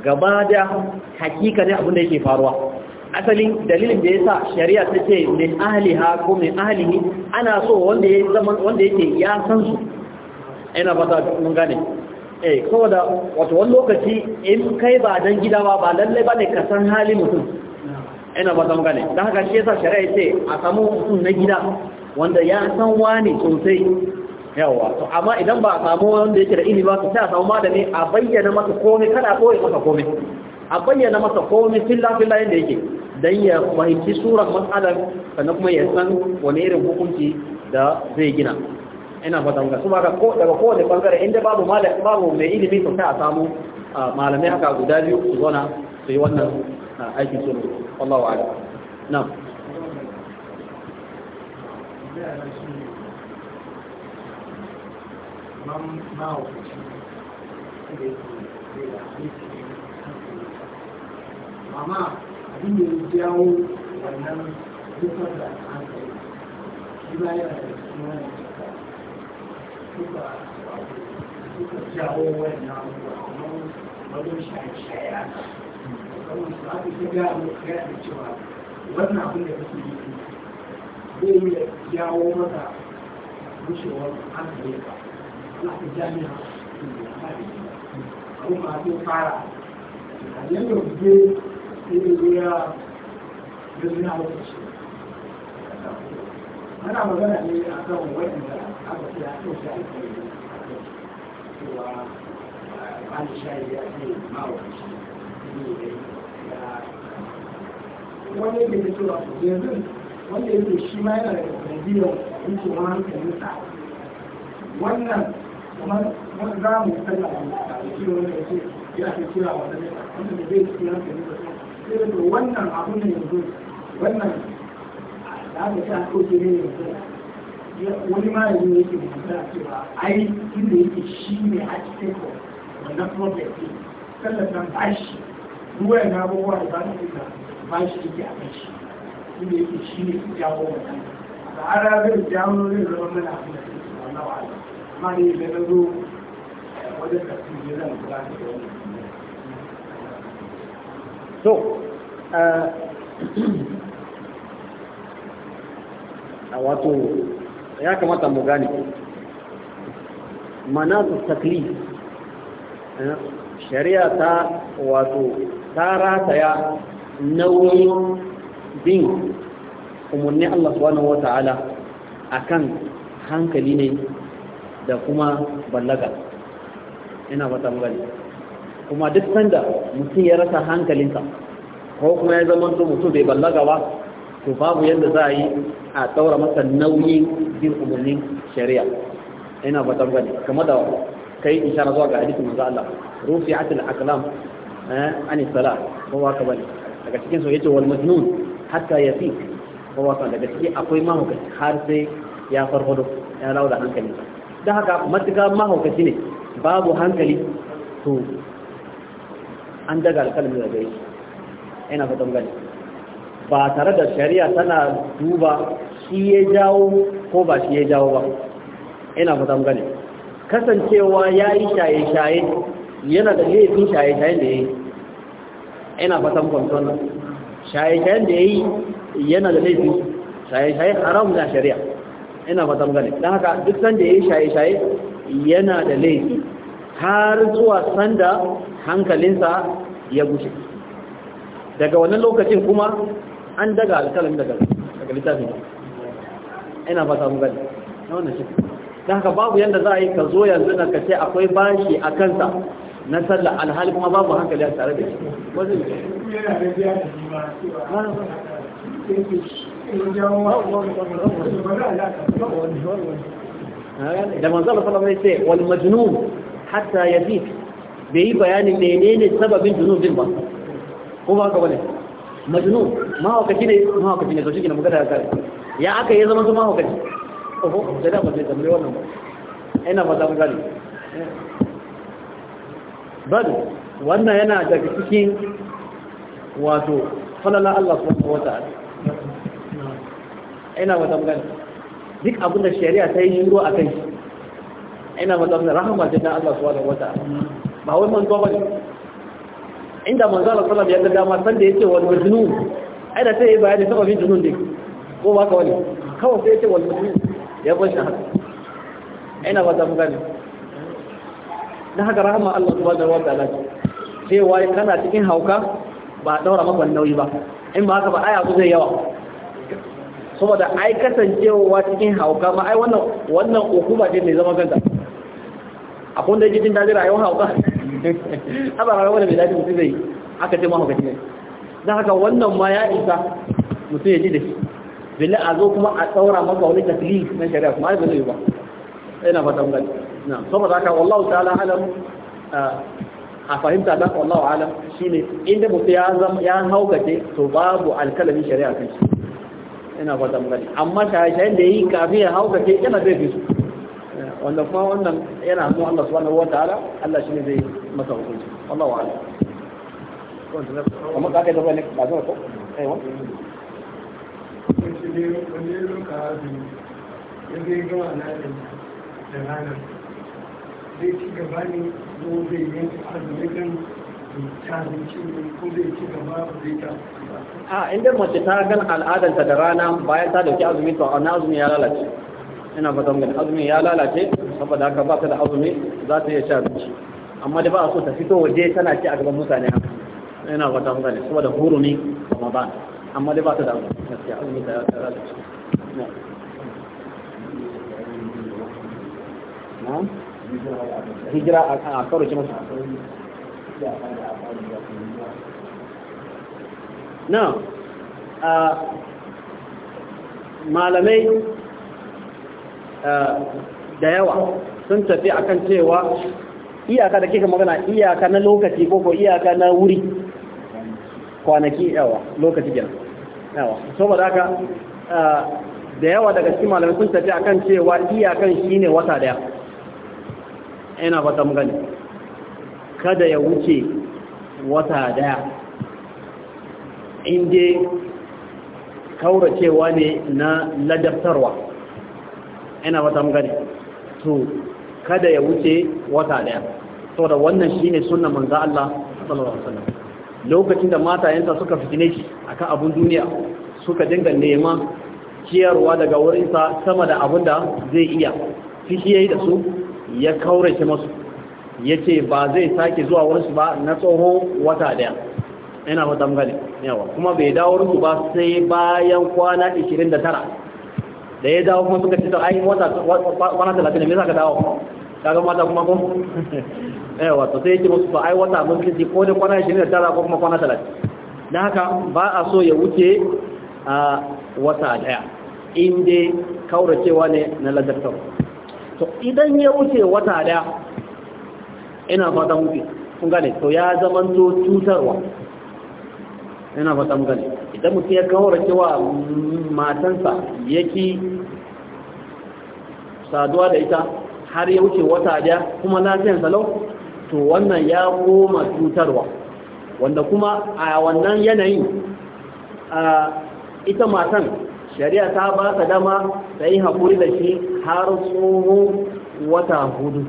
gaba da hakika ne abin da yake faruwa asalin dalilin da yasa shari'a ta ce min ahliha ko min ahlihi ana so wanda ya zaman wanda yake ya san su ina fata mun gane eh saboda wato wani lokaci in kai ba dan gida ba ba lalle ba ne ka san halin mutum ina fata mun gane dan haka shi yasa shari'a ce a samu mutum na gida wanda ya san wani sosai yawa to amma idan ba a samu wanda yake da ilimi ba sai a samu malami a bayyana masa komai kada a koyi masa komai a bayyana masa komai filla filla yadda yake dan ya fahimci surar matsalar sannan kuma ya san wani irin hukunci da zai gina ina fata muka su ba daga kowane bangare inda babu malam babu mai ilimi to sai a samu malamai haka guda biyu su zauna su yi wannan aikin su Allah wa ala na'am Mama, abin da ya jawo wannan zubar da aka yi shi ba yana da suna da suka suka suka jawo wannan abubuwa wajen shaye-shaye haka kamar su aka yi ga gaya da cewa wannan abin da kake yi zai iya jawo maka rushewar hankali ba za ka jami'a a kuma a fara a sai ya ya zuna wata ce ana magana ne a kan waɗanda aka fi haɗo shi a kai cewa ba da shayi ya ce ma wata ce ne ya wanda yake da yanzu wanda shi ma yana da biyan yake wani hankali sa wannan kamar za mu kalla a wani kira wanda ya ce ya ke kira wanda ne wanda bai kira hankali sai da wannan abun ne yanzu wannan da aka a ɗauke ne yanzu wani malami yake rubuta cewa ai inda yake shi ne a cikin wannan problem ɗin sallar nan ba shi ruwa na abubuwa da ba su da ba shi yake a kan shi inda yake shi ne jawo wannan da ara zai jawo zai zama mana abin da suke wannan wa'ala amma ne da na zo eh, wajen da su ne zan kula da wannan to uh, a wato ya kamata mu gane manatu takli eh, shari'a ta wato ta rataya nauyin bin umarni Allah subhanahu wata'ala akan hankali ne da kuma ballaga ina fata mu gani kuma duk sanda mutum ya rasa hankalinsa ko kuma ya zama to mutum bai ballaga ba to babu yadda za a yi a ɗaura masa nauyin bin umarnin shari'a ina gani da kai ishara zuwa ga hadisin Allah eh, an ko ka bane daga cikin so yace wal majnun hatta ko ka daga cikin akwai har sai ya farfado ya hankali da haka matuƙa mahaukaci ne babu hankali to an daga alkalmi da yi ina fatan gani ba tare da shari'a tana duba shi ya jawo ko ba shi ya jawo ba ina fatan gani kasancewa ya yi shaye-shaye yana da laifin shaye-shayen da ya yi ina fatan kwanton shaye-shayen da ya yi yana da laifin shaye-shaye haram na shari'a ina fatan gani don haka duk sanda ya yi shaye-shaye yana da laifi har zuwa sanda hankalinsa ya gushe daga wannan lokacin kuma an daga alkalin daga littafin ina fata mu gani na wannan shi don haka babu yadda za a yi ka zo yanzu na ka ce akwai bashi a kansa na sallah alhali kuma babu hankali a tare da shi wasu ne da manzala salama ya ce wal majnun hatta yazid bai yi bayanin menene sababin junubin ba ko ba ka bane majnun mahaukaci ne mahaukaci ne to shi ne magana ga ya aka yi zama su mahaukaci oho da da mutum tambaye wannan ba ina ba za mu gani bal wannan yana daga cikin wato falala Allah subhanahu wa ta'ala ina ba za gani duk abin da shari'a ta yi shiro a kai ina ba za rahama ta Allah subhanahu wa ta'ala ba wai manzo bane inda manzo Allah sallallahu alaihi wasallam ya dama sanda da yake wal majnun aina sai ya bayani sababin junun din ko ba ka wani kawai sai yake wal majnun ya bar shi haka aina ba mu gane dan haka rahama Allah subhanahu wa ta'ala wai kana cikin hauka ba daura maka nauyi ba in ba haka ba aya zai yawa saboda ai kasancewa cikin hauka ma ai wannan wannan hukuma ce mai zama kanta akwai wanda yake jin daɗi rayuwar hauka haba ga wanda bai dace mutum zai aka ce mahaukaci ne don haka wannan ma ya isa mutum ya ji da shi billa a zo kuma a tsaura maka wani taklif na shari'a kuma ai ba zai ba ina fata mun gani na saboda haka wallahu ta'ala alam a fahimta da wallahu alam shine inda mutum ya zama ya haukace to babu alkalami shari'a kan shi ina fata mun gani amma shaye-shayen da yi kafin ya haukace yana zai fi su wanda kuma wannan yana hannun Allah subhanahu wataala Allah shi ne zai masa hukunci wa a'lam kuma ka kai da wani ba zai ko eh wa ne ko zai ta? a inda mace ta gan al'adanta da rana bayan ta dauki azumi to na azumi ya lalace ina fatan gani azumi ya lalace saboda haka ba ta da azumi za ta iya sha abinci amma da ba a so ta fito waje tana ci a gaban mutane haka ina fatan gani saboda hurumi ramadan amma da ba ta da azumi gaskiya azumi ta lalace hijira a kan akaro ce masa na ah, malamai da yawa sun tafi a kan cewa iyaka da kika magana iyaka na lokaci ko ko iyaka na wuri kwanaki yawa lokaci gina yawa saboda haka da yawa daga cikin malamai sun tafi a kan cewa iyakan shine wata daya ina fata gani kada ya wuce wata daya inda kauracewa ne na ladabtarwa ina wata gani to kada ya wuce wata daya da wannan shine sunnan manzo Allah sallallahu alaihi wasallam lokacin da matayensa suka fitine shi akan abun duniya suka dinga nema ciyarwa daga wurinsa sama da abun da zai iya fishi yayi da su ya shi masu yace ba zai sake zuwa wurinsu ba na tsoro wata daya ina wata gani yawa kuma bai dawo wurinsu ba sai bayan kwana 29 da ya dawo kuma suka ce to ai wata kwana talatin ne me za ka dawo kaga mata kuma ko eh wato sai yake musu ai wata mun kici ko da kwana 29 ko kuma kwana 30 dan haka ba a so ya wuce a wata daya in dai kauracewa ne na ladarta to idan ya wuce wata daya ina fatan wuce kun gane to ya to cutarwa ina fatan gane idan mutum ya kawar cewa matansa ya ki saduwa da ita har ya wuce wata daya kuma lafiyan salau to wannan ya koma cutarwa wanda kuma a wannan yanayin a ita matan shari'a ta ba ta dama ta yi haƙuri da shi har tsohon wata hudu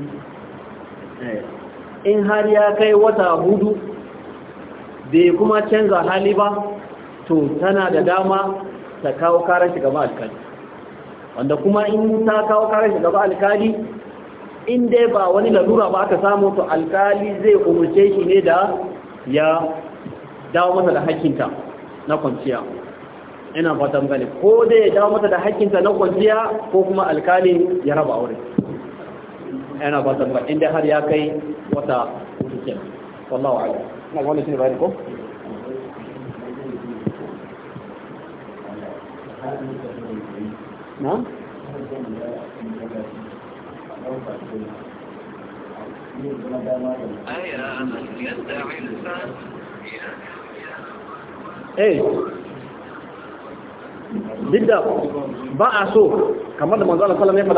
eh, in har ya kai wata hudu bai kuma canza hali ba to tana da dama ta kawo karar shi gaba alkali wanda kuma in ta kawo karar shi gaba alkali in dai ba wani lalura ba aka samu to alkali zai umarce shi ne da ya dawo masa da hakinta na kwanciya ina fatan gani ko dai ya dawo masa da hakinta na kwanciya ko kuma alkali ya raba aure ina fatan gani inda har ya kai wata wuce wallahu a'lam na shi ne bayan ko na? eh a so kamar da manzo Allah sallallahu alaihi wasallam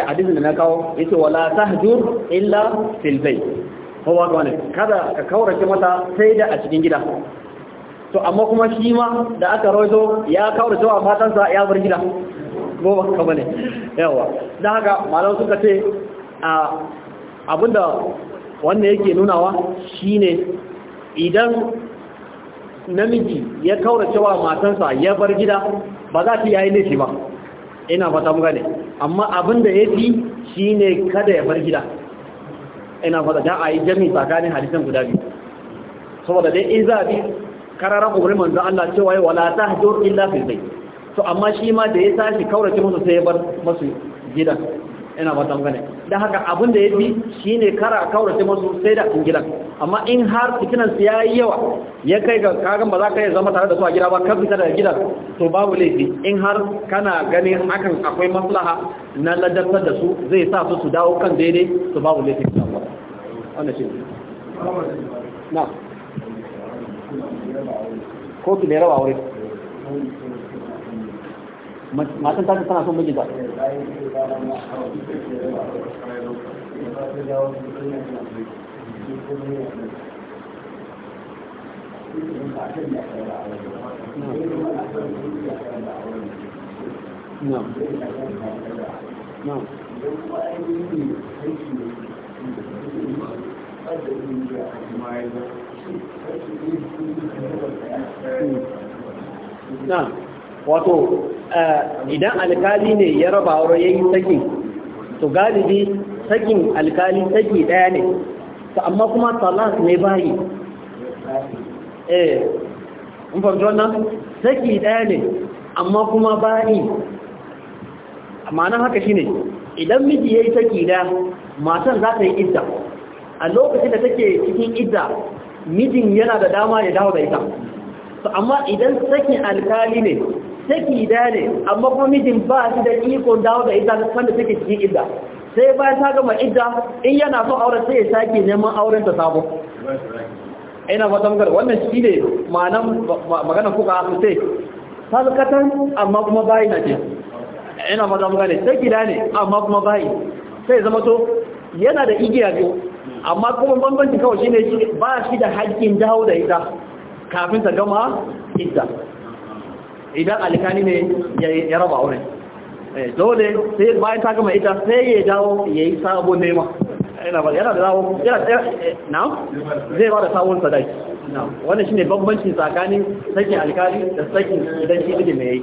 ya hadisin da na kawo yace wala tahjur illa fil bayt ko wa kada ka kaurace mata sai da a cikin gida to amma kuma shi ma da aka rawaito ya kawo da cewa matansa ya bar gida goma ka bane yawa don haka malam suka ce a abinda wannan yake nunawa shine idan namiji ya kaura cewa matansa ya bar gida ba za ta yayi shi ba ina fata muka ne. amma abinda yafi shine kada ya bar gida ina fata da ayi jami tsakanin hadisan guda biyu saboda dai in za bi kararan umarni manzan Allah cewa ya wala tahjur illa fi zai to amma shi ma da ya tashi kaurace musu sai ya bar masu gidan ina ba tambane da haka abin da ya shi shine kara kaurace musu sai da in gidan amma in har fitinan su yayi yawa ya kai ga kagan ba za ka yi zama tare da su a gida ba kan fita daga gidan to babu laifi in har kana ganin hakan akwai maslaha na ladabtar da su zai sa su su dawo kan daidai to babu laifi wannan shi na kotu da ya raba aure matan tana son mijinta No. na wato eh, idan alkali ne ya raba wa ya yi sakin, to galibi sakin alkali saki daya ne amma kuma talas ne bayi eh in wannan saki daya ne amma kuma bayi ma'ana haka shi ne, idan miji ya yi saki daya matan za ta yi idda a lokacin da take cikin idda mijin yana da dama ya dawo da ita To amma idan sakin alkali ne saki da ne amma kuma mijin ba shi da iko dawo da ita da take cikin idda sai bayan ta gama idda in yana so auren sai ya saki neman auren ta sabo ina fata magana wannan shi ne ma'anan magana kuka a sai Halkatan amma kuma bayi na ce ina fata magana sai gida ne amma kuma bayi sai zama to yana da igiya biyu amma kuma bambanci kawai shi ne ba shi da haƙƙin dawo da ita kafin ta gama idda idan alikani ne ya raba aure eh, dole sai bayan ta gama ita sai ya dawo ya yi sabon nema yana da dawo eh, eh, na zai ba da sabon sadaki wannan shi ne bambanci tsakanin sakin alikani da sakin idan shi ne mai yi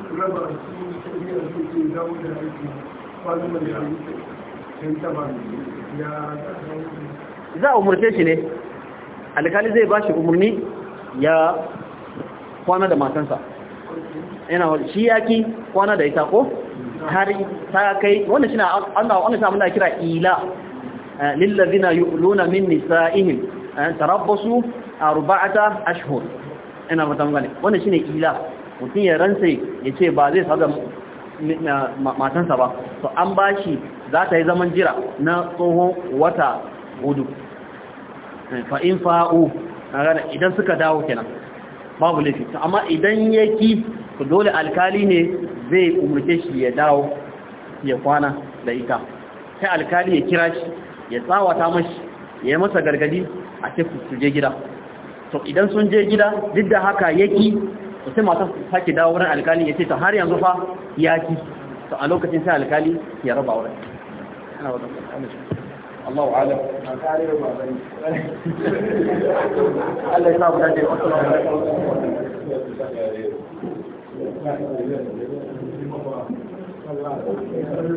raba su ke da aiki ya za a umarce shi ne alkali zai ba shi umarni ya kwana da matansa yana shi yaki kwana da ita ko har ta kai wannan shi na an kira ila eh, lillazina yu'luna min nisa'ihim eh, tarabbasu arba'ata ashhur ina gane wannan shine ila mutum ya rantse ya ce ba zai sadu matansa ba to an bashi za ta yi zaman jira na tsohon wata hudu fa'in fa'u idan suka dawo kenan babu laifi amma idan ya ki to dole alkali ne zai umarce shi ya dawo ya kwana da ita sai alkali ya kira shi ya tsawata mashi ya yi masa gargadi a ce su je gida to idan sun je gida duk da haka yaki to sai matan su sake dawo wurin alkali ya ce ta har yanzu fa ya ki to a lokacin sai alkali ya raba wurin Allah wa alam Allah ya sa wasu